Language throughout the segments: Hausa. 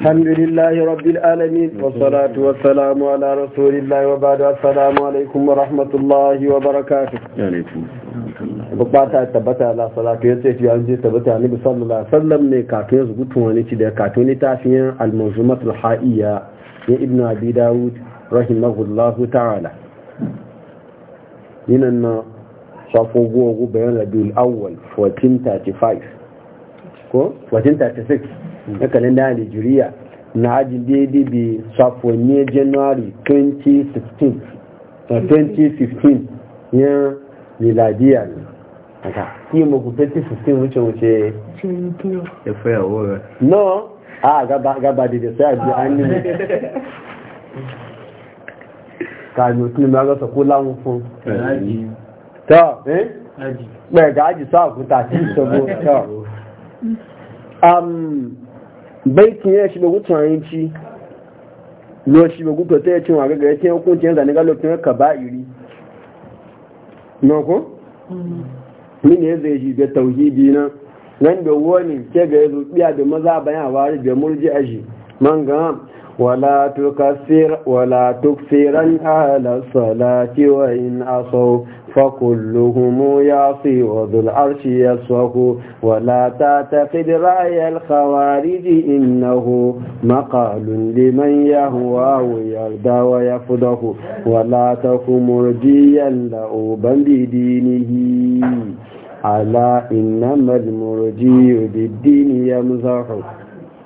الحمد لله رب العالمين والصلاة والسلام على رسول الله وبعد السلام عليكم ورحمة الله وبركاته عليكم bukata tabbata la salatu ya ce ya je tabbata ni sallallahu alaihi wasallam ne kafin ya zubutu wani ci da kafin ni tafiyan al-manzumat al-haiya ya ibnu abi daud rahimahullahu ta'ala ninan na safo gogo bayan rabiul awwal 1435 ko 1436 na kalenda nigeria. na aji daidai bi safonye january 2016 2015 ya miladiya ne aka kí mo kò wuce wuce ya fẹ́ ọwọ́ no a gaba dìde sai an ní kààmì òtún mi agọ́sọ̀ kó láwọn fún tọ́ am baitin ya shiga gutun ci no shi ba gutu ta yace wa ga ya tiyan hukunci yanzu ne ga lokacin ka ba'iri no ko Ni ne zai shi da tauhidi na nan da wani ke ga yazo biya da maza bayan wa da murji aji man ga ولا تكثر ولا تكثرا على الصلاة وإن أصوا فكلهم يعصي وذو العرش يسوه ولا تعتقد رأي الخوارج إنه مقال لمن يهوى ويرضى ويفضه ولا تك مرجيا لأوبا بدينه ألا إنما المرجي بالدين يمزح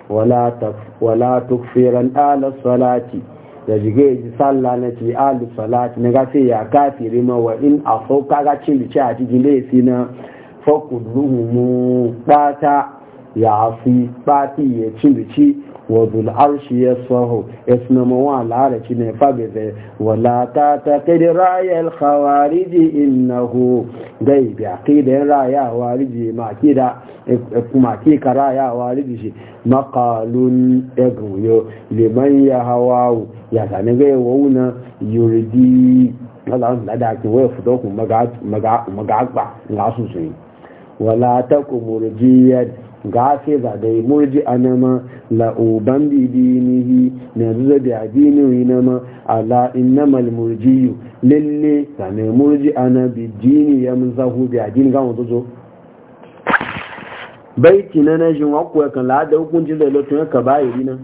wala tukfiran ala salati da jige ji salla na ci alu salati na gafe ya kafiri ma wa in a sauka ga cin da a cikin laifi na fakuluhu mu bata ya fi bati ya cin da wadul arshi ya saho ya suna mawa laraci ne fagaze wala ta ta kiri rayar khawariji innahu dai bi aqidan raya wariji makida kuma ke ka raya wariji shi maqalun egunyo liman ya hawawu ya sami gai wauna yuridi Allah da ke waya fito ku maga maga maga ba ngasu sun wala takumurjiyat Gafe za da yi murji a nama la'uban bidinihi na zuza da yi nama ala innamal murjiyu lalle ta ne murji a na bidini ya mun zahu da adini gama wanzu zo baiti na na shi wakko ya kan la'ada hukuncin da lotun ya ka bayi nan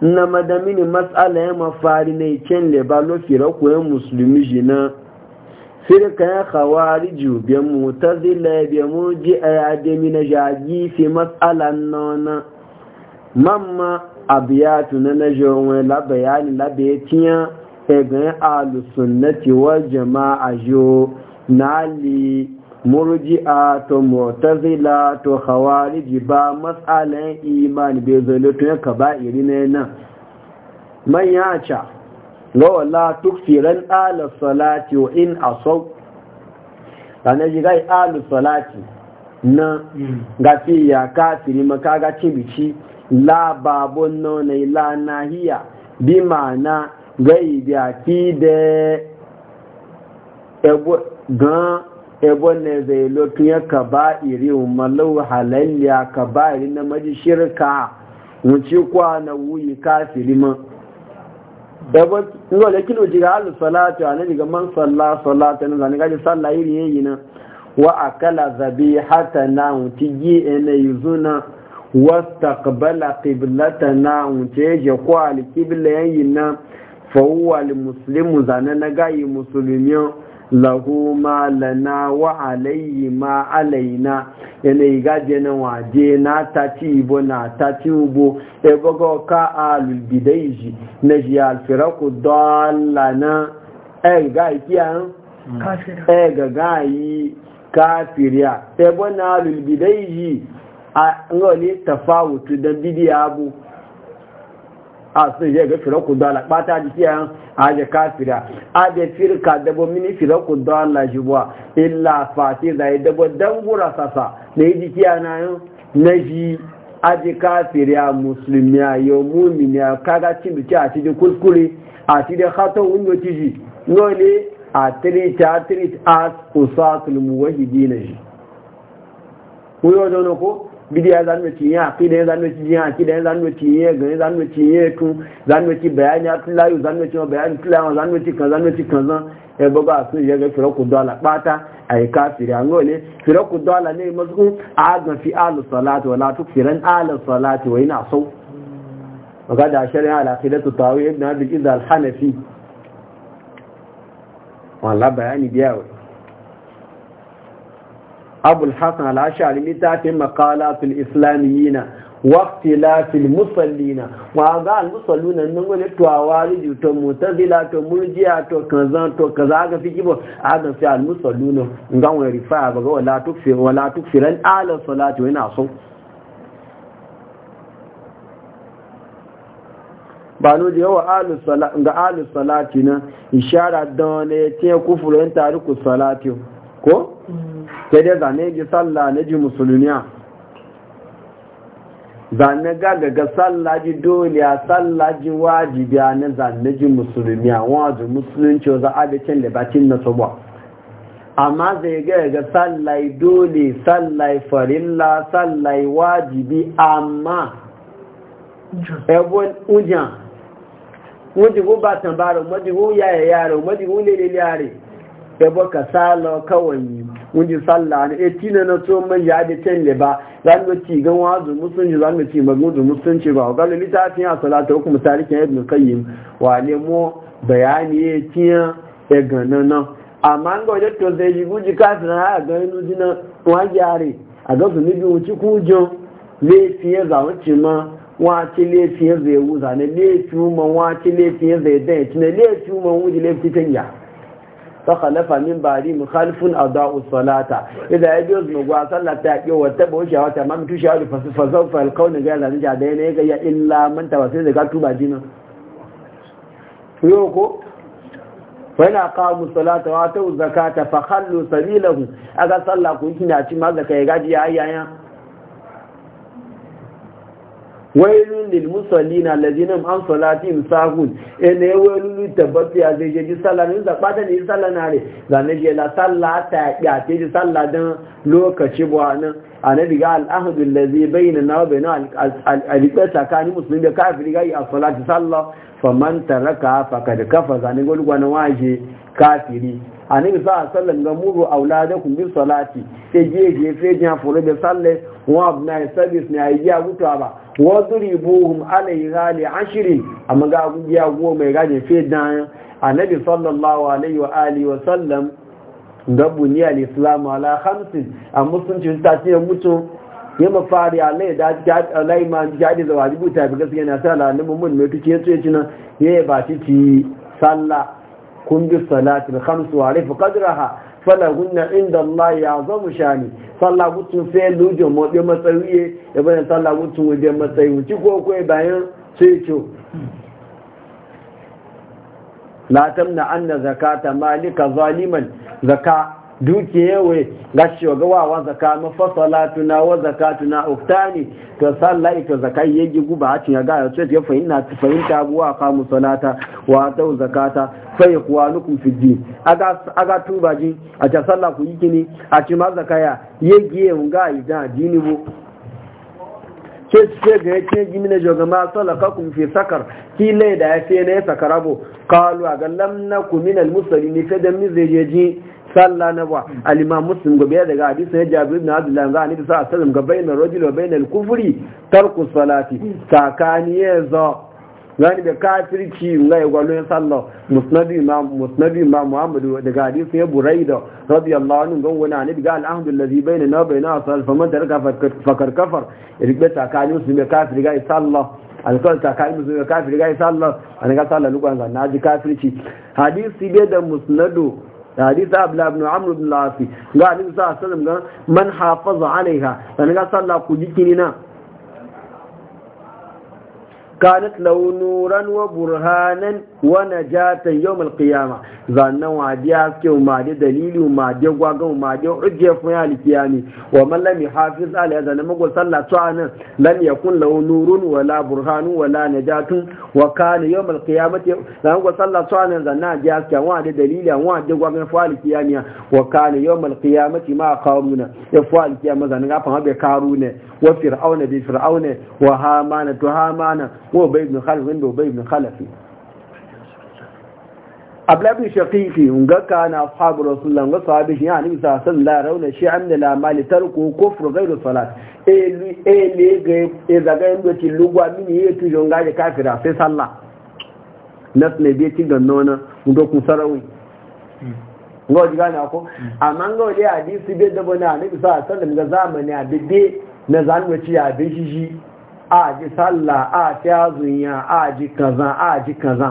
na madamini matsala ya mafari na ikin leba lofi rakuwa musulmi shi na firka ya khawariju bi mutazila bi murji'a ya demi na jaji fi mas'alan nona mamma abiyatu na na jonwe la bayani la betiya e ga ahlus sunnati wal jama'a jo nali murji'a to mutazila to khawariji ba mas'alan iman be zalo to ya kaba'iri ne nan manya a lawa la tukfiran ala salati wa in asaw kana ji gai ala na gafi ya kafiri ga cibici la babon nona bí ma na gai biya kí dẹ gan ebo ne zai lokacin yẹ ka ba'iri umarlau halalliya ka ba'iri na maji shirka wuce kwa na wuyi kafiri man dabar no da kilo jiga alu salatu a nabi gaman salla salatu na zani gaji salla iri yayi na wa akala zabi hata na wuti gi ene yuzuna wa taqbala qiblata na wuce je ko al qibla yayi na fa huwa al muslimu zana na gayi musulmiyo lahu ma lana wa alayhi ma alaina yana igaje wa waje na ta ci ibo na ta ci ugbo ebogo ka alubidaiji na ji alfiraku dallana ẹ̀gá ìkíyà ẹ̀gàgá yìí káfìríà ẹbọ́ na alubidaiji a ń rọ̀ ní tafawutu a sun je ga firaku dala bata jiki a aje kafira aje firka dabo mini firaku dala jibwa illa fati zai dabo dan gura sasa da yi jiki na yin na ji aje kafira musulmi a yau mumini a kaga cin biki a cikin kuskure a cikin hatan ji. ciji nole a treat a as usatul muwahidi na ji. Kuyo da ko bidiya zan ci ya fi da zan ci jiya ki da zan ci ya gani zan ci ya ku zan ci bayani a tulayu zan mace ma bayani layu zan ci kan zan ci e kan zan ya baba su ya ga firaku dola bata ay kafiri an gole firaku dola ne mazu a ga fi alu salatu wa wala tukfiran alu salatu wa ina sau maka da shari'a al-aqidatu tawi na abi al-hanafi wala bayani biya wa abul hasan al-ashari littafin makalatul islamiyina waktilafil musallina wa ga al-musalluna nan wani tuwawa riju to mutazila to murjiya to kazan to kaza ga fi kibo adam fi al-musalluna ngan wani rifa ba ga wala tukfi wala tukfiran ala salati yana so ba no da yawa ga alu salati na ishara don ne te kufurin tariku salatu. ko mm. sai dai zane ji sallah na ji musulmiya zane gagaga ga sallah ji dole a sallah ji wajibi a na zane ji musulmiya wajen musulunci za a bikin libatin na sobo amma zai gaya ga sallai dole sallai farilla sallai wajibi amma ebon ujan wajibu ba tambarin wajibu yaya yare wajibu lele yare ya ka sala kawai wani salla ne e tina na to mai ya da can le ba zan ga ci gan wazu musulunci zan ga ci magudu musulunci ba ga littafin a salata hukum tarikin ibn qayyim wa ne mo bayani ya tiya e, e ganana amma ga wajen to zai ji guji kasu na a ga inu jina wa gyare a ga su nibi wuci kujo laifin ya zawo ma ti wace laifin ya wu wuza ne laifin ma wace ti ya zai dan ya ci ne laifin ma wuji laifin tanya Ka kalli fannin ba'a dimi haifin salata. ida a yi biyar su maƙo a ta haƙƙi wa taɓaushe a watan mace taushe, haɗu fasinjoji, fasinjoji faɗar, faɗar kaunar da zazzaɓi a ya gaya illar man tafasa daga tuba jimawa. Yau ko. Wai na kawo salata, ko a ta'u jakata, ko a kalli ku, ko a ka sallar, ko yi tunanin kai, kaji yaya. wailun lil musallina alladhina hum an salatihim sahun ene wailun tabbati aje je ji sallah za da bata ne sallah na re zane je la sallah ta ya te ji sallah dan lokaci bo anan annabi ga al ahdu alladhi bainana wa bainal al tsakanin musulmi da kafiri ga ya salati sallah faman taraka faqad kafa zane gol gwana waje kafiri annabi sa sallan ga muru auladakum bis salati sai e je je fe jan furu da sallah wa abna e service ne ayi ya gutawa ba wadribuhum alayha li ashrin amma ga gugiya goma ya fiye da dan annabi sallallahu alaihi wa alayi wa sallam ga buniya al ala hamsin a sun ci ta mutu ya mafari alai da alai ma jadi da wajibu ta fi gaskiya na sa alimu mummun mai tuke yace ci ya yi ba ci salla kun bi salatil khams wa arif qadraha falahunna inda Allah ya mu shani sallah gutun fe lujo mo de matsayiye ya bayan sallah gutun de matsayi wuci ko ko bayan sai to la tamna anna zakata malika zaliman zaka dukiyewe ga shogawa wa zaka mafasalatuna wa tuna uftani to sallah ita zakai yaji guba a cin ga yace ya fahimta fahimta buwa fa musalata wa ta zakata ku yakwanukum fi din aga aga tubaji a ta sallah ku yikini a ci ma zakaya yagiye ga idan dini bu ke ce ga yake gimi na jogama salakakum fi sakar ki lai da ya fi na sakarabo kalu a ga ku min al musallin fa da mi zai salla na ba al-imam muslim gobe daga hadisi na jabir ibn abdullah za ni sa sallam ga bainar rajul wa bainal kufri tarku salati takani yazo yani da kafirci ngai gwalo ya sallo musnad imam musnad imam Muhammadu daga hadisi ya da radiyallahu anhu gon wani annabi ga alhamdu allazi bainana baina sal faman taraka fakar kafar irbe takani muslim kafir ga sallo alkawar takari musu ga kafir ga sallo an ga sallo lugwan na ji kafirci hadisi bai da musnadu hadisi abla ibn amr ibn al ga annabi sallallahu alaihi wasallam man hafaza alaiha sanin ga sallah ku jikini na kanat launuran wa burhanan wa najatan yawm al-qiyama zannan wa dia ke ma da dalili ma da gwagan ma da hujja fun ya al-qiyami wa mallami hafiz yuhafiz ala hadha lam yaqul sallatu anan lam yakun lahu nurun wa la burhanun wa la najatun wa kana yawm al-qiyamati lam yaqul sallatu anan zannan dia ke wa da dalili wa da gwagan fun al-qiyami wa kana yawm al ta ma qawmuna ya fun al-qiyama zannan ga fa be karu ne wa fir'auna bi fir'auna wa hamana to hamana هو ubay ابن خلف عنده ubay ابن khalaf قبل shaqiqi شقيقي kana كان اصحاب رسول الله shi ani sa sallallahu rauna shi anna la mali tarku kufru ghayru salat eli eli ga e daga ndo ti lugwa mini yetu jonga kafira sai sallah nas ne bi ti ganno na ndo ngo diga na ko amma ngo le hadisi bai da bona ne bisa sallallahu da zamani a bibbe na zanwaci ya bi a ji sallah a ci azunya a ji kaza a ji kaza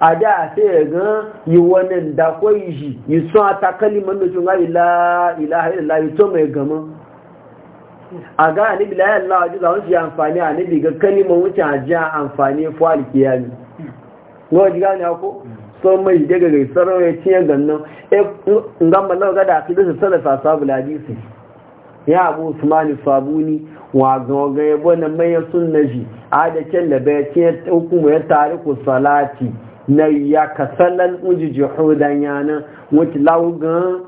a da yi ga yi wani da kwai shi yi sun a ta kalimar da shugabi ilaha ilaha yi to mai gama a ga anibi layar lawa ji zaun shi amfani a anibi ga kalimar wuce a ji amfani fuhal kiyami wani ji gane ko so mai daga gaisar ya ciye gannan in e, gamba lau ga da su da su sarrafa sabu ladisi ya abu usmani sabuni wa ga ya na mayan sunna ji a da kyan da bai ce hukumu ya tare ku salati na ya kasalan uji juhudan yana wuce laugan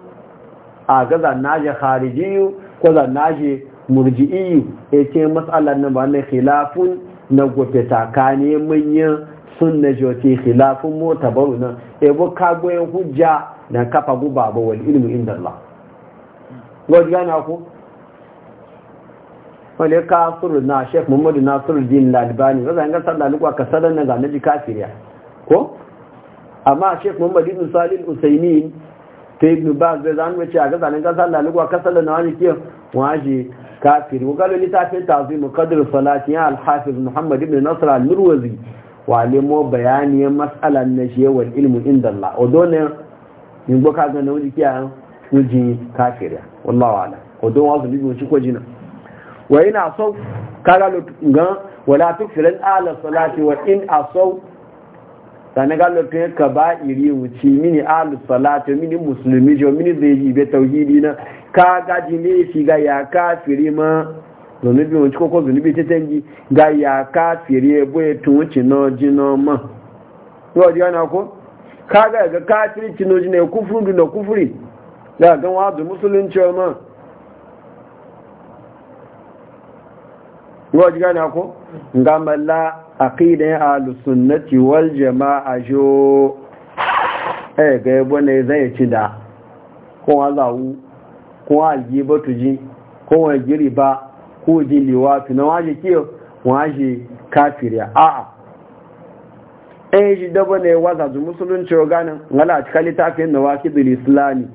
a ga zannaje kharijiyu ko zannaje murji'iyu ya ce matsalar na ba na khilafun na gobe takane manyan sunna ce, khilafun mota baru nan ya bu kagoyin hujja na kafa guba ba wal ilmu inda Allah. Gwajana ku? wale kafir na Sheikh Muhammad Nasiru din Lalibani. wanda ga sallah lukwa ka sadan na zane ji kafiriya ko amma Sheikh Muhammad Ibn salim Usaimin ta Ibn Baz bai zan ce a ga zane gasar sallah lukwa ka sadan na wani kiyo waje kafiri ko galo tazi mu qadr salati ya al muhammadu Ibn Nasr al-Murwazi wa lemo bayani mas'alan na shi yawan ilmu inda Allah odone yin gbaka ga na wani kiyayen wujin kafiriya wallahi ala odon wasu bibi wuce ko jina wa ina sau kaga ngan wala tukfirin ala salati wa in asau sani galo tun ka ba iri wuce mini ala salati mini musulmi jo mini zai yi be tauhidi na ka jini ne shi ga ya firi ma bi zunubi wuce koko zunubi ta tangi ga ya e bo e tun wuce na jina ma yau di yana ko ka ga ga kafiri cinoji ne kufuru da kufuri ga gan wa musulunci ma wajen gane ko ga malla aqidan al-sunnati wal jama'a jo eh ga yabo ne zai ci da ko Allahu ko aljiba tuji ko wajiri ba ko jiliwa na waje kiyo waje kafiriya a'a eh shi dabo ne waza zu musulunci ganin wala cikali tafin nawaqidul islami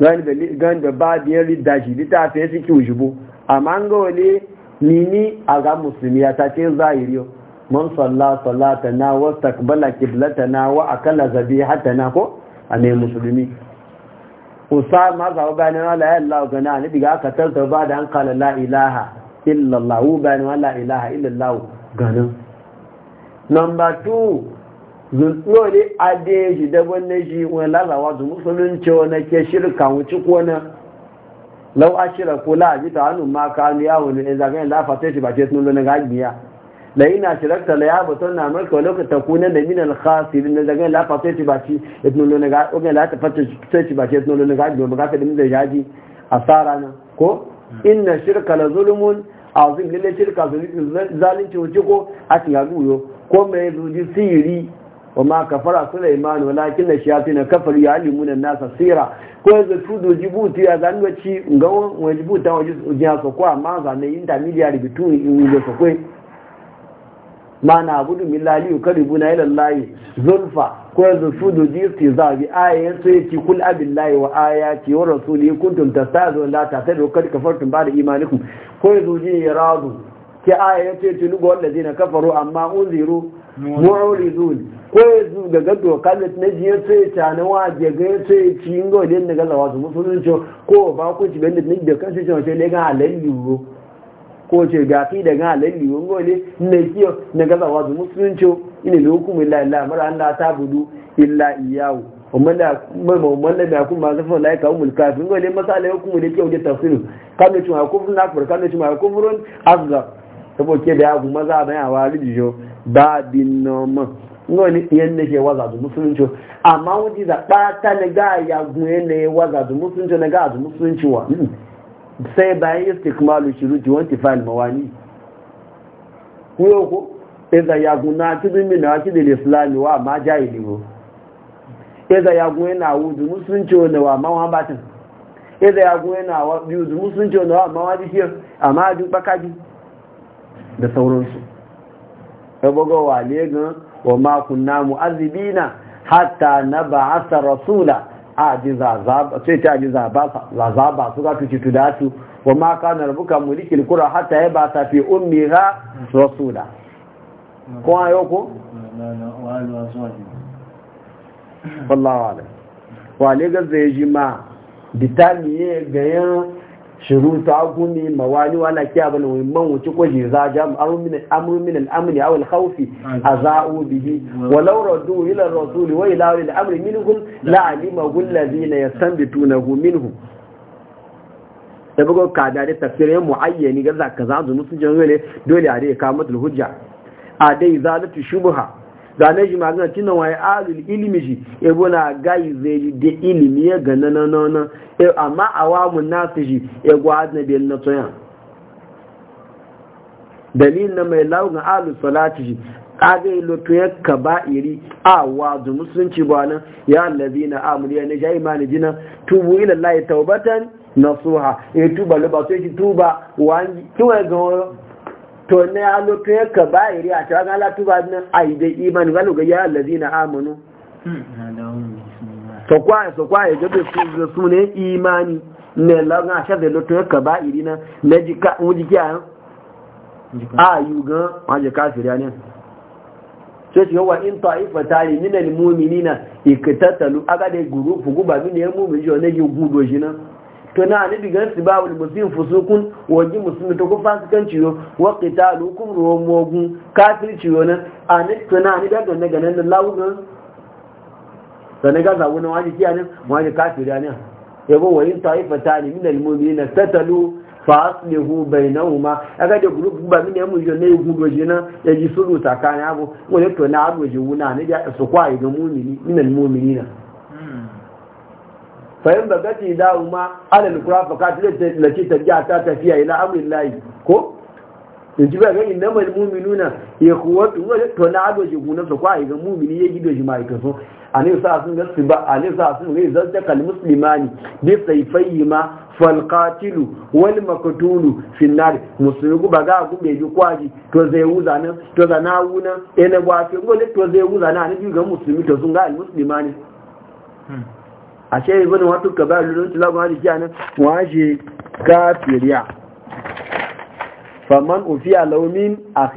gani da gani da ba biyan ridaji litafi yake ujubu amma an ga nini a ga musulmi ya tace zahiri man salla salatana wa takbala na wa akala na ko a ne musulmi usama gani wa la ilaha gana ni diga aka tarta ba da an kala la ilaha illa allah u wa la ilaha illa allah gana number 2 zulmori ade shi da gwanne shi wani lalawa musulunci wani ke shirka wuce ko na lau aṣíra ko la ji ta hannun ma ka hannu yawo ne zagayen lafa sai shi ba ce sun lona gajiya la ina shirakta la ya batun na amurka wani lokacin kunan da minal khasirin na zagayen lafa ko inna shirka ko ko mai zuji siri وما كفر سليمان ولكن الشياطين كفروا يعلمون الناس السيرة ko yanzu tudu jibuti ya zan wace ga wani jibuta waje jiya so ko amma zanen intermediary bitu in yi so ko ma na abudu min lali yukaribu na ila lahi zulfa ko yanzu tudu jibuti za bi aya so yake kul abillahi wa ayati wa rasuli kuntum tastazun la tatadu kad kafartum ba'da imanikum ko yanzu ji yaradu ki aya yace tulu ga wanda zina kafaru amma unziru mu'ridun ko ga gado kalit na jiya sai ta na waje ga sai ci ingo ne daga zawa su ce ko ba ku ci ganin din da kansa ce wace ne ga halalli ro ko ce ga fi da ga halalli ro ngo ne ne kiyo na ga zawa su ce ina ne hukumu illa illa mara da ta budu illa iyawu umman da umman mai kuma ma zafa laika umul kafin ngo ne masala hukumu ne kiyo da tafsiru kamar cewa kufrun akbar kamar cewa kufrun azza saboda ke da ya maza bayan wa rijiyo babin noman wani ɗiyan da ke waza da za amma wani da ɓata na ga ya gunye na ya waza da musulunci na ga da musulunci wa sai bayan yi stikmalu shiru ti wanti fa'il mawani kuyo ko iza ya guna bi min na waki da islami wa ma jahili ko iza ya gunye na wudu musulunci wani wa ma wani batin iza ya gunye na wudu musulunci wani wa ma wani shi amma a duk bakaji da sauransu ya wa ne gan wa ma kunna mu'azzibina hatta nab'atha rasula ajiza zaba sai ta ajiza ba zaba su ga tuci tudatu wa ma kana rabbuka mulikil qura hatta yab'atha fi ummiha rasula ko ayo ko wallahi wale wale ga zai jima ma ga yan Shiru ta guni mawani na kiya bana wani man wuce ko ji ja min al-amri aw al-khawfi azau bihi wa law raddu ila ar wa ila na ya san bitu na alladhina yastanbitunahu minhum da bugo ka da tafsirin muayyani ga zaka zazu musu jan dole a dai matul hujja a dai zalatu shubha zane shi magana tuna waye alul ilimi shi ebo na gayi zai da ilimi ya gana na na na e, amma awamun nasu shi ya e gwa na biyar na tsoyan dalilin na mai launin alul salati shi kaga yi ka ba iri a wazu musulunci ba nan ya allazi na amuriya na jayi mani jina tubu lai taubatan nasuha e tuba lubatu ya tuba wani kiwa ga to ne a lokacin ka ba iri a cewa gala tuba nan a yi da imani galo ga yara lazi na amonu hmm, so kwa so kwa ya gabe su su ne imani ne lagun a shaɗa lokacin ka ba iri na na jika wujiki a a yi gan wajen kafiriya ne sai shi yawa in ta'ifa tari minal mu'minina ikitatalu aga da gurufu guba mini ya mu'min shi wani gudo shi nan to na ni diga su ba wani muslim fusukun waji musulmi to ko fasikanci yo wa qitalukum ruwamogun kafirci yo nan ani to na ni daga ne ganan nan lawu nan sanan ga zawo nan waji kiyanin waji kafiri ne yabo wayin ta'ifatani min al-mu'minina tatalu faslihu bainahuma aga de group ba mi ne mu na yi gu doje na ya ji suru takanya bu wole to na doje wuna ne ya su kwa ido mu'mini min al na. fayin ba gaci da umma alal kurafa ka da ce ta ta tafiya ila amrin layi ko in ji ba ga inna mal mu'minuna ya kuwa wa to na ado shi guna su kwa ga mu'mini ya gido shi mai kaso ani sa sun ga su ba ani sa sun ga zanta kal muslimani bi sayfayma fal qatilu wal maqtulu fi nar musulmi ba ga ku be ji kwaji to zai wuza nan to za na wuna ene ba ke ngole to zai wuza nan ani ga musulmi to sun ga al muslimani hmm. a ṣe ibini wata kaba lulun tilagun hadisi a nan washe kafiriya faman ofiya laumin a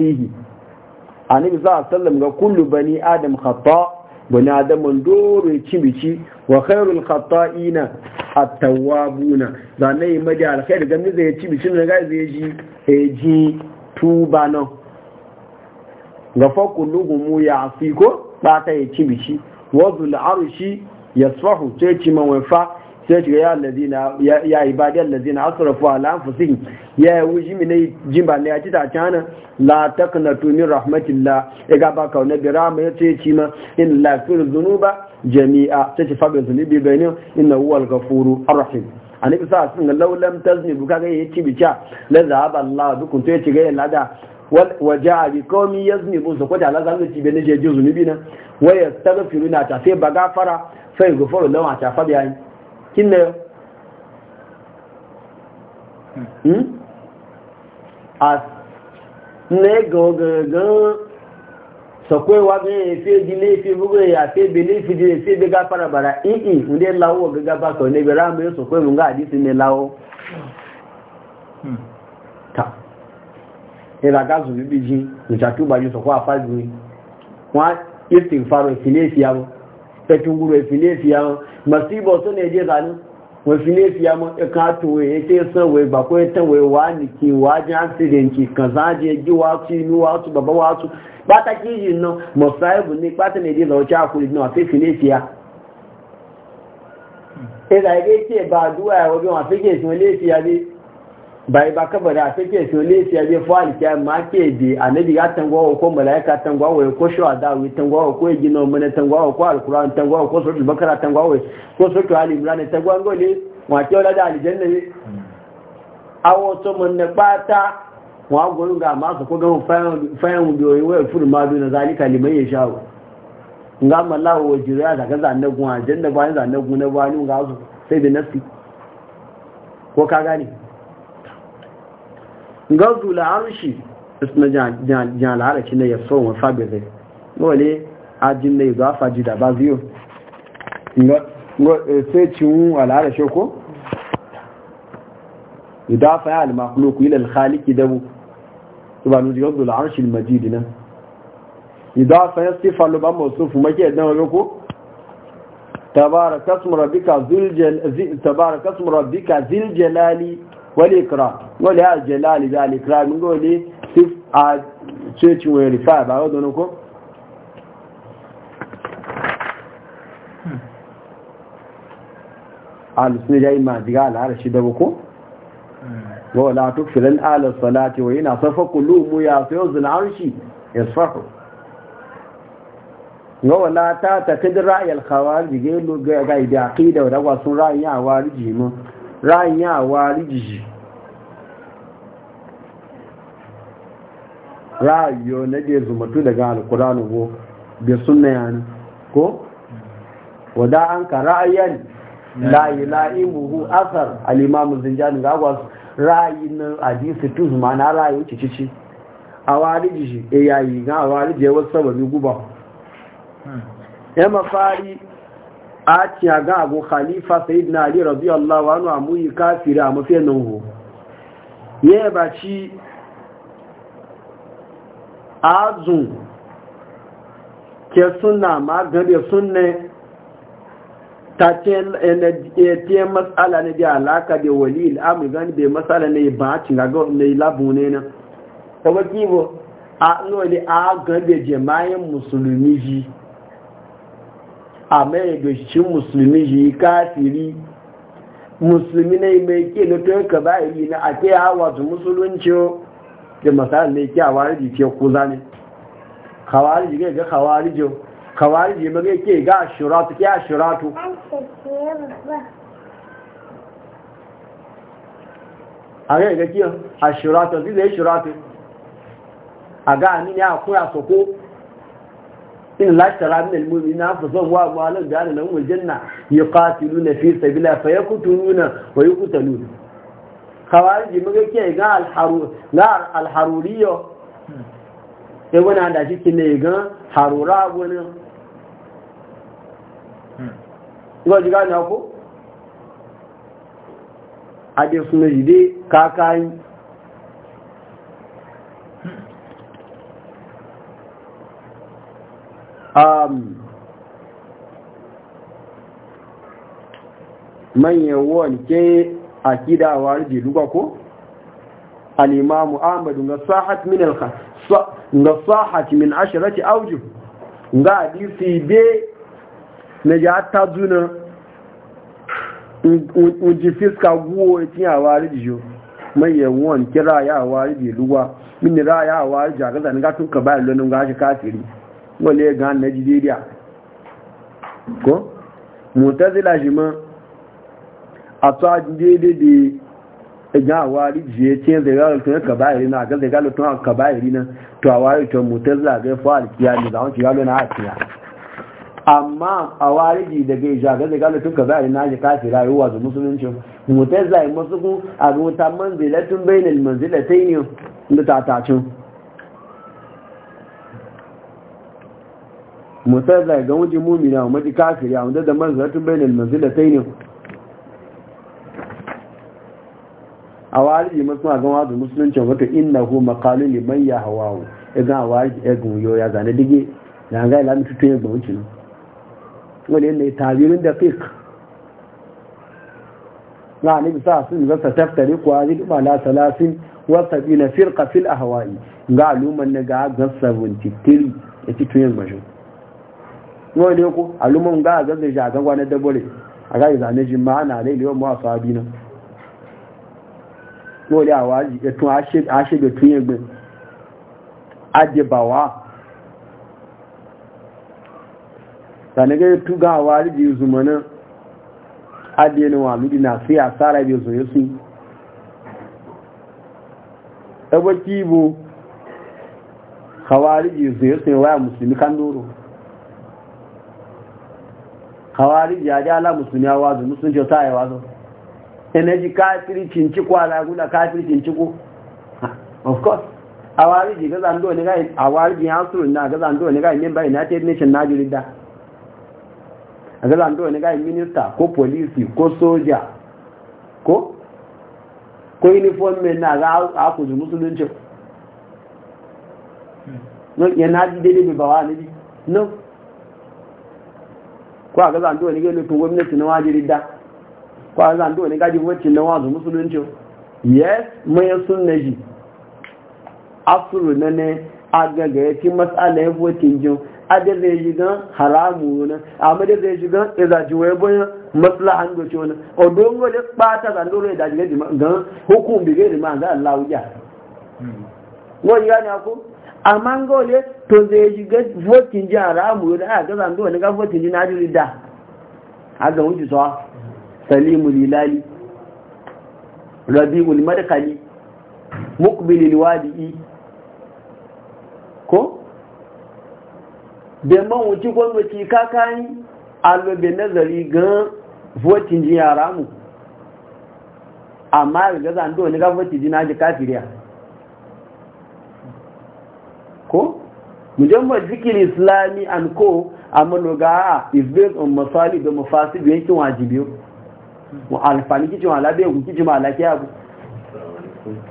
annabi za a sallam ga kullu bani adam khata bani adam doro ya cibici wa khairul khata'ina at-tawwabuna yi madi alkhair ga mi zai cibici na ga zai ji tuba no ga fa fi ko ba ta ya cibici wa dhul yasfahu sai ci man wafa sai ci ya allazina ya ibadi allazina asrafu ala anfusihim ya yi wuji min jimba ne ya ci ta cana la taqnatu min rahmatillah ya ga ba kauna bi rahma ya ce ci ma in la fil dhunuba jami'a sai ci faga zunubi bayne inna huwal ghafuru arrahim annabi sa sun laulam taznibu kaga ci bica la zaba allah dukun to ya ci ga lada waja bi kawmi yaznibu su kwata la zanga tibe ne jeje zunubi na wa yastaghfiruna ta sai bagafara fara sai gufuru lawa ta fa bayani kinne hmm. hmm as ne gogogo sakwai wa ga fi di ne efe bugu ya fe be ne efe di efe be ga fara bara ii nde lawo ga ga ba ko ne be ramu so kwai mun ga hadisi ne lawo hmm. ìlàgázù bíbí jí ìṣàtúgbàjú sọ̀kọ́ àfájú ni wọ́n ìsìn farò ìfìlé ìfìyàwó ẹ̀tùngúrò ìfìlé ìfìyàwó màsíbọ̀ tó ní ẹjẹ́ ìdánú wọ́n ìfìlé ìfìyàwó ẹ̀ka àtòwé ètè sanwó ìgbàkó ẹ̀tẹ̀wé wà nìkì wà jẹ́ àṣìdẹ̀ǹkì wà tú inú wà bai ba kaba da sai ke so ne sai bai fa alkiya ma ke bi annabi ya tangwa ko malaika tangwa wa ko shawa da wi tangwa ko gino mun tangwa ko alquran tangwa ko sura bakara tangwa ko sura ali imran tangwa ngole wa ke da aljanna ne awo to mun ne bata wa gurin ga ma ko ga fayan fayan biyoyi wa furu ma duna zalika liman yasha nga mallahu wa jira daga zannagun aljanna bayan zannagun na bani ga su sai da nasi ko ka gane gazu arshi isna jan ne ya yaso wa fagazai wale ajin ne ga faji da ba ziyo sai cinwu a la'arashi ko? idan fa al-makhluq ila al-khaliq dabu tuba nu yadu al-arsh al-majid na idan fa yasifa lu ba mawsuf make dan wa ko tabaraka asmu rabbika zil jalali tabaraka ismu rabbika zil jalali wani ikra wani ya jalali da alikra min gole sif a cecin wani rifa ba wadda wani ko alusun ya yi majiga al'ada shi da ko wa la tukfilan ala salati wa yana safa kullumu ya sayo zinarshi ya safa wa la ta ta kadin ra'ayar khawarij ga yi da aqida wa sun ra'ayin a wariji mun ráyàwó ríjìjì ráyọ na da zumatu daga alkuranu ko da sunna yana ko wada an ka ra'ayan layi la'imuhu asar alimamu zinjani ga agwas ra'ayi na hadisi tuz ma na ra'ayi cicici a warijiji e yayi ga a warijiji wasu sababi guba ya mafari a ciya ga abu khalifa sayid na ali radiyallahu a amu yi kafiri a mafiyan nan hu Yaya ba ci azun ke suna ma gabe sunne ta ce e e matsala ne da alaka da wali al'amur gani bai matsala ne ba a cin gaga ne labu ne nan ta waki bo a nole a gabe jama'in musulmi ji a ya doshi musulmi shi kafiri musulmi ne mai ke na to ka ba yi na a ke hawa su musulunci da misali ne ke hawa riji ke kuza ne kawariji ga ga kawariji kawariji ma ga ke ga ashuratu ke ashuratu a ga ga ke ashuratu zai ashuratu a ga ni ne soko إن لا ترى من المؤمنين أنفسهم وأموالهم بأن لهم الجنة يقاتلون في سبيل الله فيقتلون ويقتلون خوارج مغا كي غا الحرور غا الحرورية يقول أنا داشي كي غا حرورا ونا يقول جيغا ناكو أدي سنجي دي كاكاين Um, manyan wanke a kidawar jiruwa ko al'imamu ahmadu ga sahat min alka ga sahat min ashirati auju ga hadisi be na ji ta zuna uji fiska guwo itin yawari jiyo manyan wanke rayawa jiruwa min rayawa jagaza ni ga tun ka bayan lonin shi kafiri wale ga na jidediya ko mutazila shi ma a tsawa ẹgbẹ́ da ga tí jiye ce zai ga lutun ka bayari na ga ga lutun ka bayari na to a wari to mutazila ga fa alkiya ne da wanci galo na akiya amma a e musulunci masu manzilatai ne musarza ga wajen mumina wa maji kafiri a wanda da manzaratun bainal manzila sai ne a wari masu a gama da musulunci wata inna ko makalu mai ya hawawo idan a wari ya gunyo ya zane dige na ga ilami tutun ya ga wucin wani yana tabirin da fik na ne bisa sun zasa taftare kuwa zai ba la salasin wasa bi na firka fil a hawaii ga aluman na ga ga 73 ya tutun ya mashin wọ́n ụkwụ kó alúmọ̀ ga àzọ́zẹ̀ ṣe àgangwa na dabbole a ga ma ana lè lèwọ́n masu abi na wọ́n lè àwọ̀ a aṣẹ́gbẹ̀ tún yẹn gbẹ̀ adẹ̀bàwà sànẹ́gẹ́ ga àwọ̀ àríjì ìzùmọ̀ náà adẹ̀ ni wọ́n na sí àsára ebe ìzùn yẹ́sùn ẹgbẹ́ kí ibo kàwà àríjì ìzùn yẹ́sùn kan kawari ya ji ala musulmi ya wazo musulunci ta yi wazo energy kafiri cinci ko alaguna kafiri cinci ko of course awari ji gaza ndo ne gai awari ji hasu na gaza ndo ne gai member united nation na jirida gaza ndo ne gai minister ko police ko soja ko ko uniform men na ga aku hmm. ji musulunci no yana ji daidai ba wa ne no ko a ga zan dole ga lutun gwamnati na wajiri da ko a zan dole ga ji wacce na wazu musulunci yes mai sunna ji asulu na ne a gaga ya ci matsala ya votin jin a da zai ji gan haramu na amma da zai ji gan izaji wai bayan maslahan goce wani o don wani bata zan dole da jiga gan hukum bi gairi ma ga Allah wuya hmm. wani gane ku amma ga wale to zai shiga votin ji a ramu da aka gaza ga wani ga votin ji na ji rida har da wuce sawa salimu lilali rabi'ul madkali muqbilil wadi'i ko da man wuce gwamnati kakani alobe nazari gan votin ji a ramu amma ga gaza ga wani ga votin ji na ji kafiriya ko mujammad fikir islami an ko amma noga ah, is based on masali da mafasid da yake wajibi wa alfani kici wa labe ku kici ma laki abu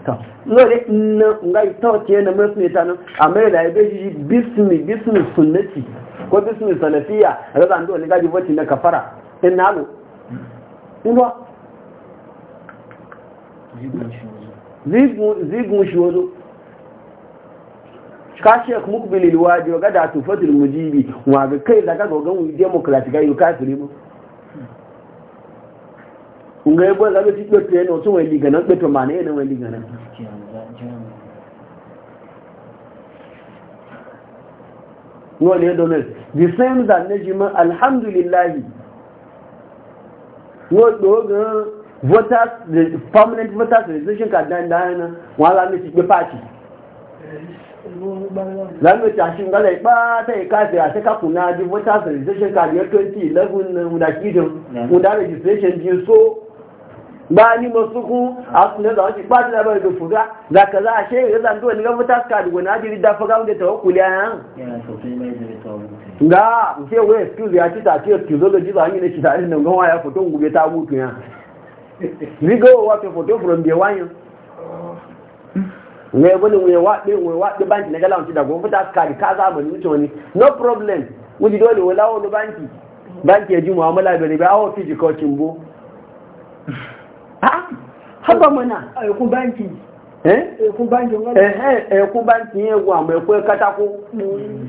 ta lore inna ngai to ce na musu ta nan amma da yabe shi bismi bismi sunnati ko bismi salafiya raza ando ne gaji wacce na kafara in na inwa zigun zigun shi wazo ka shek mukbilil wadi ga gada tufatul mujibi wa ga kai daga gogan wi democrat ga yu kafiri mu unga yebo zabe ti gbe tene o tun we liga na gbe to mane na we liga na no le do the same that nejima alhamdulillah no do ga voters the permanent voters registration card dan dan wala mi ti gbe lánàá tí a ṣe ń gálẹ̀ pàtẹ́ ìkáàfẹ́ àṣẹ́kàkùn náà di voters registration card yẹ 2011 mùdàkídùn mùdà registration di so bá ní mọ̀ sókún àtúnlẹ́dà wọ́n ti pàtẹ́ lábẹ́ ìdò fúgá zàkàzà àṣẹ ìrẹ́zà tó ní voters card wọ̀n náà di dáfọ́ gáwọ́dẹ̀ tọ́wọ́ kù lẹ́ àyàn ga nke wee excuse ya títà tí excusology bá yìí ní ṣìṣàrí nà ń gọ́wọ́ ya fòtó ń gúgbé tá a wú kìí hàn from the wáyàn ne wani wewaɗe wewaɗe banki na galawanci da gobe ta kari ka zamani wuce wani no problem wuji dole wala wani banki banki ya ji mu'amala bai riba awon fiji kocin bo haba mana ku banki ku banki yẹn gun àmọ́ ẹ̀kú kátákó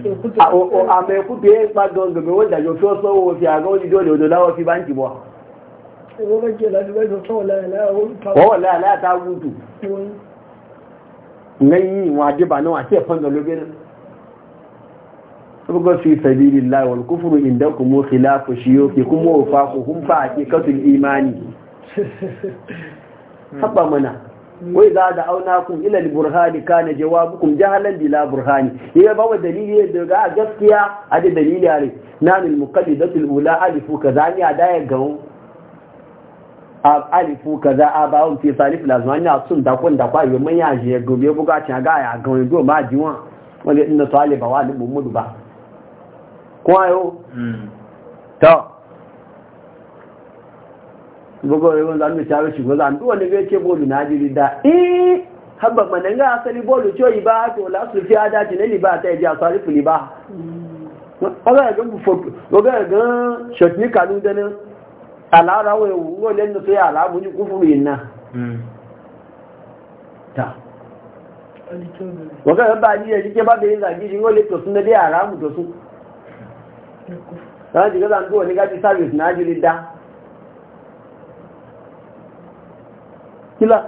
àmọ́ ẹ̀kú bí i pa gangan wọ́n dàjọ fi ọ́sọ́ owó fi àgọ́ òjijì olè odò láwọ́ fi báńkì bọ́ wọ́n wọ̀ láyà láyà ta wúdù ngayi wa de ba na wa ce fanga lobin ku fi sabilillah wal kufru indakum khilafu shuyukikum wa faquhum fa haqiqatul imani haba mana hmm. wai za da auna kun ilal burhani kana jawabukum jahalan bila burhani ya ba wa dalili da ga gaskiya a dalili ne nanul muqaddidatul ula alifu kazani adaya gawo alifu kaza abawun fi salif lazima ina sun da kun da kwa yi mun yaje gobe bukacin ga ya ga wani ma jiwon wani inda taliba wa alibu mudu ba kuma yau hmm. ta bugo yau zan mu tawo shi gozan duwa ne ga ce bolu na jiri da ee. Eh, habba manan ga asali bolu ce yi ba to la su fi ada ji ne li ba ta ji asali li ba oga ga ga shotni kanu da nan alára àwọn ewu ní olè ní tó yà aláàbójú kún fún ìrìnà hmm. ta wọ́n kẹ́ bá ní ẹ̀jí jẹ́ bá bèèrè ìrìnàjí ní olè tòsún lé àràmù tòsún láti jẹ́ láti wọ́n ní gájí sáàrìsì náà jù lè dá kílá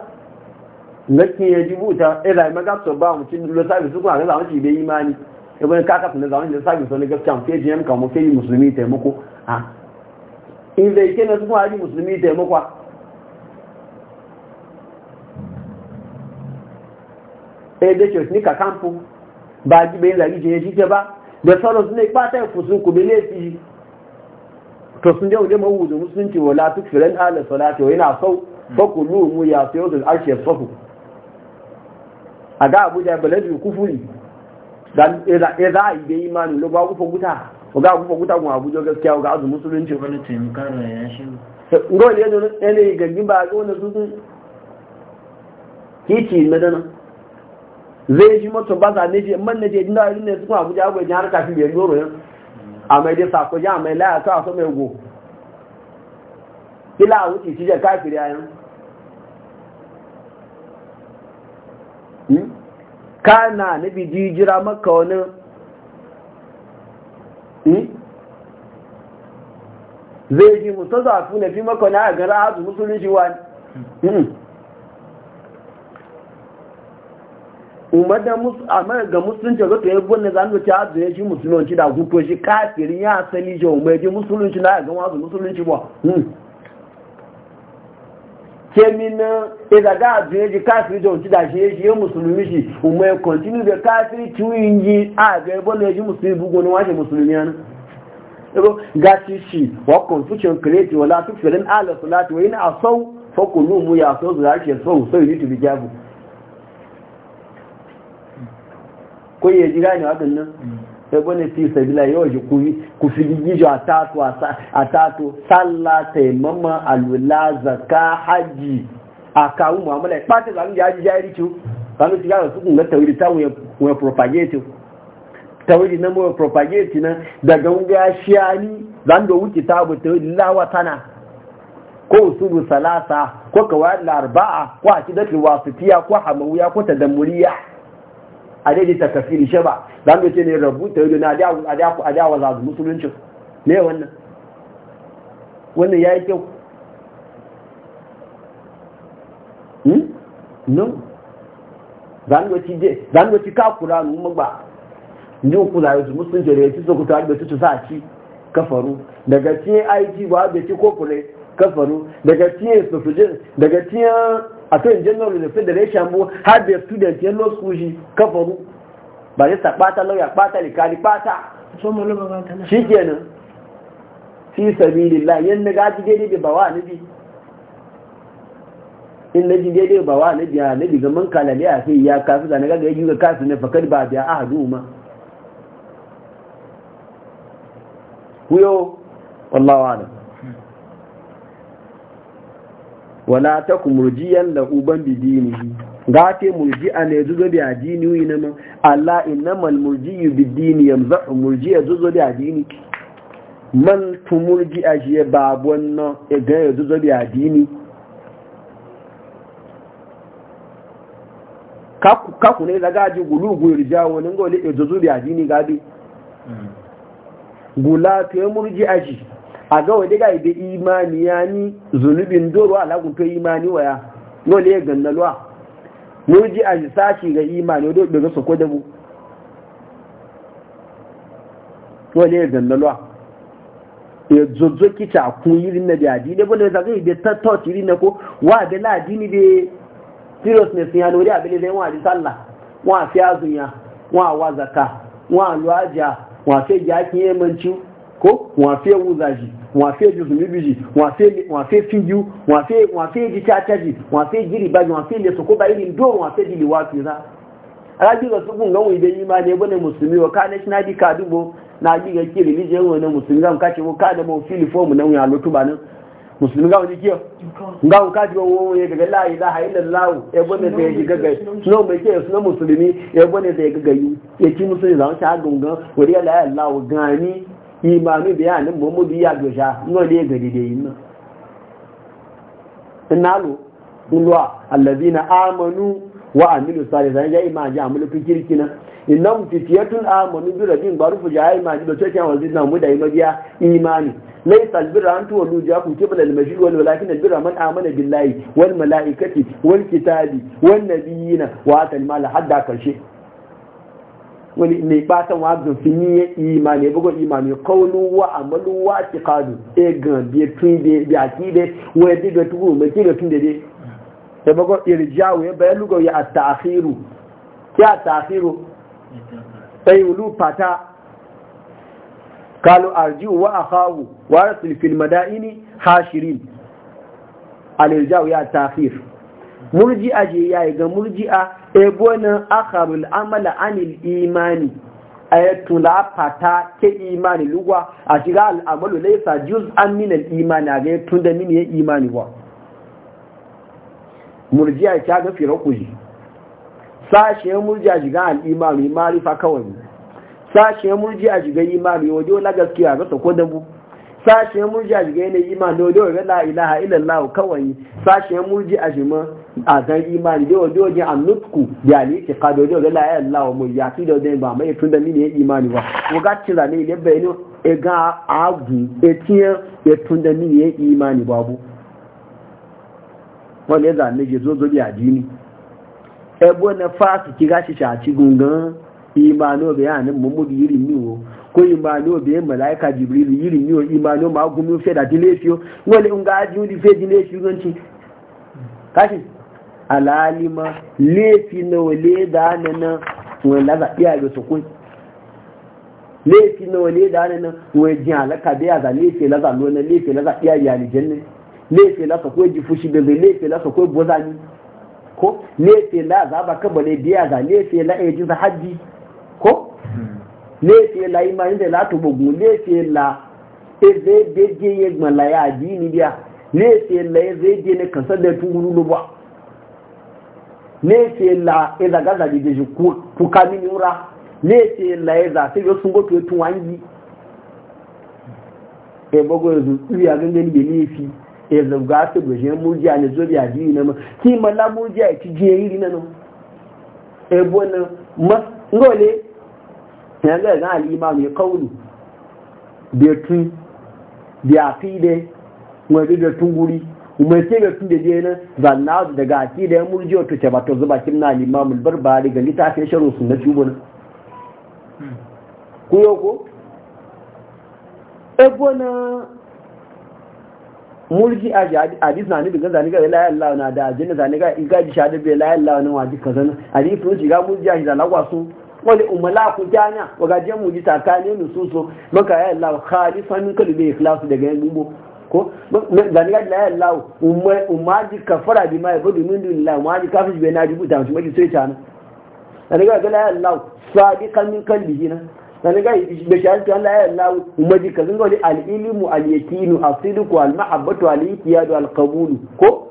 lẹ́kí ẹjú búta ẹ̀là ìmẹ́gàtọ̀ bá àwọn tí lọ sáàrìsì kún àrẹ́lá àwọn tí ìbẹ̀ yí máa ní ẹgbẹ́ káàkàtà lẹ́zà àwọn ìlẹ̀ sáàrìsì ọ̀nà gẹ́gẹ́ in zai ke na sun hari musulmi taimakwa ɗaya eh, da ni ka kampu ba ji bayan zagi jiye jike ba da sauran su ne ɓata ya fusun ku bi laifi to sun jawo jama wuzu musulunci wa latuk firan ala salati yana sau baku mu ya sayo da arshe sofu a ga abuja balaji kufuri da ya eh, eh, za a yi da imanin lokacin kufin wuta ga kuma guta kuma abuja gaskiya ga azu musulunci wani taimakar da ya shi ngol ya don ele gaggi ba ga wani sun kici madana zai shi mutum ba za ne je man ne je dinda ne su kuma abuja abuja ne har kafin bai doro yan a mai dai sako ya mai laya ka so mai go kila a wuce shi je kafiri ayan hmm? kana nabi jira maka wani Hmm? zai ji mutu zafi na fi maka na gara hazu musulunci wani hmm. umarda amara ga musulunci ga tsaye gwamna za mu ci hazu ya ji musulunci da hukunci kafirin ya asali ji umar ji musulunci na ga wasu musulunci ba hmm. kemina eza ga zuye ji kafiri da wanci da shi ya shi ya musulmi shi umar ya kontinu da kafiri ciwon yi a ga yabo na ji musulmi bugu na washe musulmi yana yabo ga shi shi wa confucian kireti wa latu firin ala salatu wa yana a sau fakulu mu ya sau zuwa shi sau sau yi tubi jabu ko ya ji gane waɗannan ebone ne fi sabila yau ji ku fi gigijo a tatu sallah taimama alwala zaka hajji a kawo mu'amala ya ɓata zanen jaji jari ciwo su yara su kunga propagate na mu propagate na daga wuya shiyani zando da tabu ta lawa tana ko usulu salasa ko kawai arbaa ko a wasitiya ko hamawiya kwa tadammuriya adadi ta kafiri shi ba za mu ce ne rabuta yadda na adawa za su musulunci ne wannan wannan ya yi kyau hmm? no za mu ci kakura mu magba ne ku za su musulunci da ya ci sokuta da su sa ci kafaru daga cikin aiki ba da ci kokure kafaru daga cikin sufujin daga cikin attorney general of the federation bo har da student ya law school shi kafaru ba ya sabata lauya bata likali bata shikenan fi sabilillah yan daga ji daidai ba wa nabi in na ji daidai ba wa na biya na diga man kalale a sai ya kasu da na gaga ya yiwa kasu na fakar ba biya a hadu ma kuyo wallawa alam wala ta 'yan da uban bidini ga te murji'a ne zuzo bi adini wi na man Allah innamal murjiyu bidini yamzahu murji'a zuzo bi adini man tu murji'a shi babu wannan e ga ya zuzo bi adini kaku kaku ne zaga ji gulugu rijawo ne ngole ya zuzo bi adini gabi hmm. gula murji murji'a shi a ga wadda ga ibe imani ya ni zunubin doro alakun to imani waya dole ya gannalwa mun ji a sashi ga imani wadda daga su ko dabu dole ya gannalwa ya e zozo kica kun yi rinna da adini bane za ga ibe ta touch rinna ko wa da la adini da seriousness ya nori abele zai wa di sallah wa fi azunya wa wazaka wa luaja wa fe jaki yemanci ko wọn fẹ́ wúza jì wọn fẹ́ jùsùn níbi jì wọn fẹ́ fíjú wọn fẹ́ jí chacha jì wọn fẹ́ jírí wọn fẹ́ lè sọkó bá irin dóò wọn fẹ́ jìlì wá fi rá alájúgbà sókùn gan wọn ìdẹ yìí máa ní ẹgbẹ́ mùsùlùmí wọ ká national dika àdúgbò náà jíga kí èlè níjẹ wọn mùsùlùmí gáwọn káṣe wọn káàdé mọ fíìlì fọ́ọ̀mù náà wọn àlótú musulmi gawo ni kiyo gawo ka wo daga la ilaha illallah e bone e da ya gaga no mai ke musulmi e bone da ya gaga yi ya ci musulmi gunga la gani Imanu bi yanin mummu bi ya gusha ngo ne gadi da yin nan inalo ulwa amanu wa amilu salihan ya ima ji amilu kirki na inam fitiyatul amanu bi rabbin barufu ja ima ji da cewa wazin nan mu da yima biya imani laysa albirra antu wa lujja ku kibal almajid wal walakin albirra man amana billahi wal malaikati wani kitabi wan nabiyina wa atal mal hadda kashi wani mai batan wa zofi ni ya imani ya imani kaunu wa amalu wa tiqadu e gan bi tun de bi akide wa de do me ki do tun de de e ya lugo ya takhiru ya takhiru sai ulu pata kalu arjiu wa akhahu wa rasul fil madaini hashirin al ya at-ta'khir murji'a je ga murji'a ebonin akharul amala anil imani a yato lafata ke imani lugwa a shiga al'amalu laisa juz an minal imani a gaya tun da mini ya imani wa murjiya ta ga fira kuji sashe murjiya shiga al'imani marifa kawai sashe murjiya shiga imani wajo la gaskiya ga sako dabu sashe murjiya shiga yanayi imani wajo ga la ilaha illallah kawai sashe murjiya shima a zan imani da wajen wajen an nutku ne ke kado da wajen la'ayar lawa mai ya da wajen ba mai tun da mini imani ba ko cira ne ne bayani e ga agu e tiye ya tun mini ya imani wani ya zane ke zo zobi a jini ebo na fasu kira shi gungan imani obi ya nan mummudu yiri miwo ko imani obi ya malaika jibrilu yiri miwo imani ma gumi fe da dilefiyo wani in ga ajiyu di fe kashi alalima laifi na wale da nan wani laza iya da su kun laifi na wale da wani jin alaka da yaza laifi laza lona laifi laza iya yali jannin laifi laza ko ji fushi da zai laifi laza ko bozani ko laifi laza ba kaba ne biya za laifi laza ya ji hajji ko laifi la yi hmm. ma inda la to bugu laifi la eze beje ye gbala ya ji ni biya laifi la eze je ne kansa da tunguru lo ba lẹ́ẹ̀tẹ̀ la ẹ̀dà gáza jẹjẹjẹ kú ká nínú la ẹ̀dà tí yóò tún gótó tún wáyé yìí ẹ̀bọ́gọ́ ẹ̀zùn ìrì agẹ́gẹ́ níbi ní ìfi ẹ̀zọ̀gá àtẹ̀gbẹ̀ṣẹ́ mújí ànẹ́sọ́bí àdíyì náà kí mọ lámújí àti jí eré náà ẹ̀bọ́ náà mọ́ ngọ́ọ̀lẹ́ ẹ̀ngẹ́ náà lè máa mi kọ́wùlù bí ẹ̀tún kuma sai ga tun da je nan zanna daga aki da ya murji wato ce ba ta zuba kim na limamul barbari ga littafin sharu sunna tubo na ku yo ko ebo eh, na murji a hadis na nabi gan zaniga la ilaha na da jinna zaniga iga ji shahada bai la ilaha na waji kazan hadis sun shiga murji a da lagwasu wani umala ku janya waga je mu ji takane nususu maka ya Allah khalisan min kalbi ikhlas daga yin gumbo ko da ni la ilaha umma umma ji kafara bi ma yabudu min la umma ji kafir bi na ji buta su mai sai ta na da ni ga la la sadiqan min qalbihi na da ni ga be shan ta la la umma ji kazin ga al ilmu al yaqinu asidu wal mahabbatu al iqyadu al qabulu ko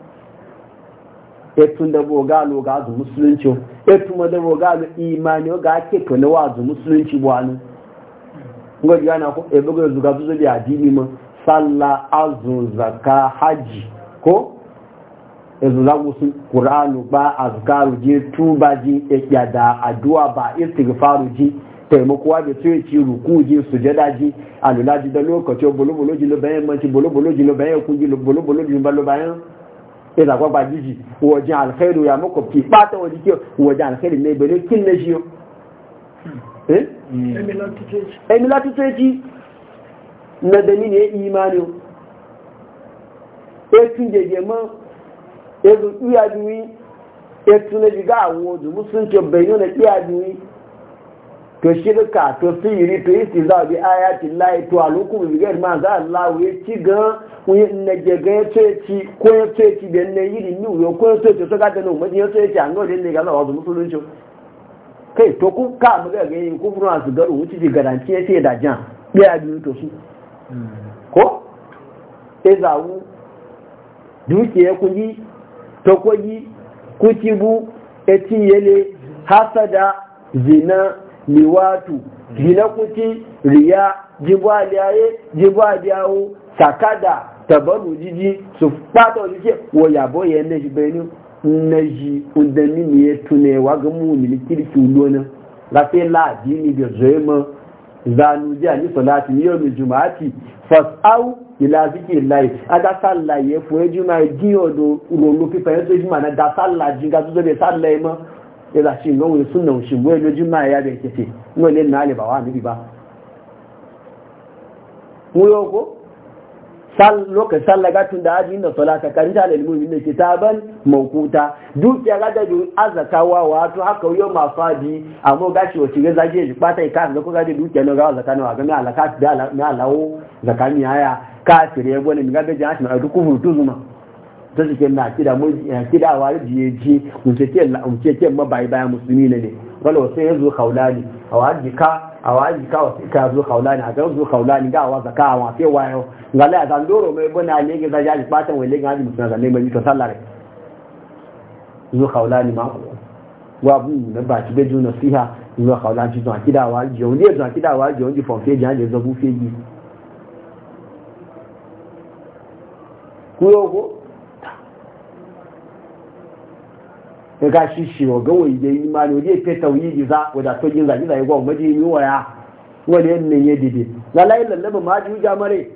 etun da bo ga lo musulunci zu musulunci etun da bo ga lo imani o ga ke to ne wa zu musulunci bo anu ngo ji ana ko e bo zu ga zu bi adini ma salla azu zaka haji ko ezu la musu qur'anu ba azkaru ji tuba ji e yada addu'a ba istighfaru ji taimakowa da tsoye ci ruku ji sujada ji alula ji da lokaci bolobolo ji lo bayan manci bolobolo ji lo bayan kun ji bolobolo ji lo bayan ila kwa ba wajen alkhairu ya makwabci bata waje ke wajen alkhairu hmm? Hmm. ne bane kin na shiyo eh emila na dani ne imani e tun jeje mo e iya duwi e tun jiga awon odu musun ke bayo na iya duwi to shirka to sihiri to istiza bi ayati llahi to alukum bi ghairi ma za Allah ya ci ga na gege ya ce ci ko ya ce ci da ne yiri ni yo ko ya ce to ga da no ya ce ci an ga ne ga Allah musulunci kai to ku ka mu ga ga yin kufru na su garu wuci garanti ya ce da jan ya biyu to su ko sai e zawu dukiya ku yi to ku yi kutibu yele, hasada zina liwatu kuti riya jibwaliaye jibwaliawo sakada tabaru jiji su fata wani ke wo yabo ya na shi bayani na shi udani ne ya tune wa ga ne ulona la fe la dini ga zema zanu ji ani salati ni yomi jumaati fas'au ila zikirillahi ada sallaye fo ejuma di odo ro pipa en ejuma na da sallaji ga to be sallaye mo ya za shi gawai suna shi goyi lojin ma ya bai tafi wani na ne ba wa nabi ba mu yau ko lokacin sallaga tun da ajiyin da salata karita da ilmi ne ke taban mawukuta dukiya ga da azakawa wato haka yau ma fadi amma gashi wace ga zage ji bata ka da ko gaje dukiya no ga zakana wa ga mi alaka da na alawo zakani haya kafire gwanin ga da jihad na duk kufur tuzuma ta shi na kida mun kida wari jiye ji mun ce ke mun ce ke ma baya musulmi ne wala wasai yazo kaulani a waji ka a waji ka wasai ka zo kaulani a ga zo kaulani ga wa zaka wa sai wayo ngala a zan doro mai bana ne ga ja ji patan wai lenga ji musulmi ne mai to sallare zo kaulani ma wa bu na ba ci beju nasiha zo kaulani ji zo kida wari ji ne zo kida wari ji onji fonfe ji anje zo feji kuyo ko ya ga shi shi wa ga wai dai imani wajen fe tauyi giza wadda to jin zagi zai gwamma maji yi waya wani yannan ya dide na la lallaba ma ji ja mare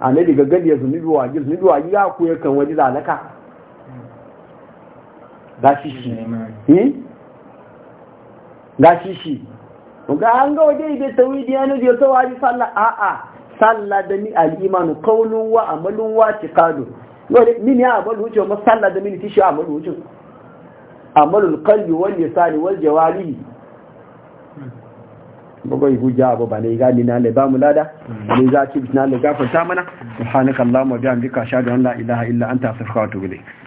annabi daga gani ya zunubi biwa ji zunubi wa ya ku ya kan waje zalaka ga shi shi eh ga shi shi ga an ga waje da tauyi ya ne ya to waji sallah a a sallah da ni al-imanu qawlun wa amalun wa tiqadun wani mini ya amalu wuce ma sallah da mini tishi amalu wuce amalu kalli wal lisani wal jawari babai hujja abu ba ne gani na le ba mu lada hmm. ne za bi na le gafarta mana subhanakallahumma bihamdika ashhadu an la ilaha illa anta astaghfiruka wa atubu ilayk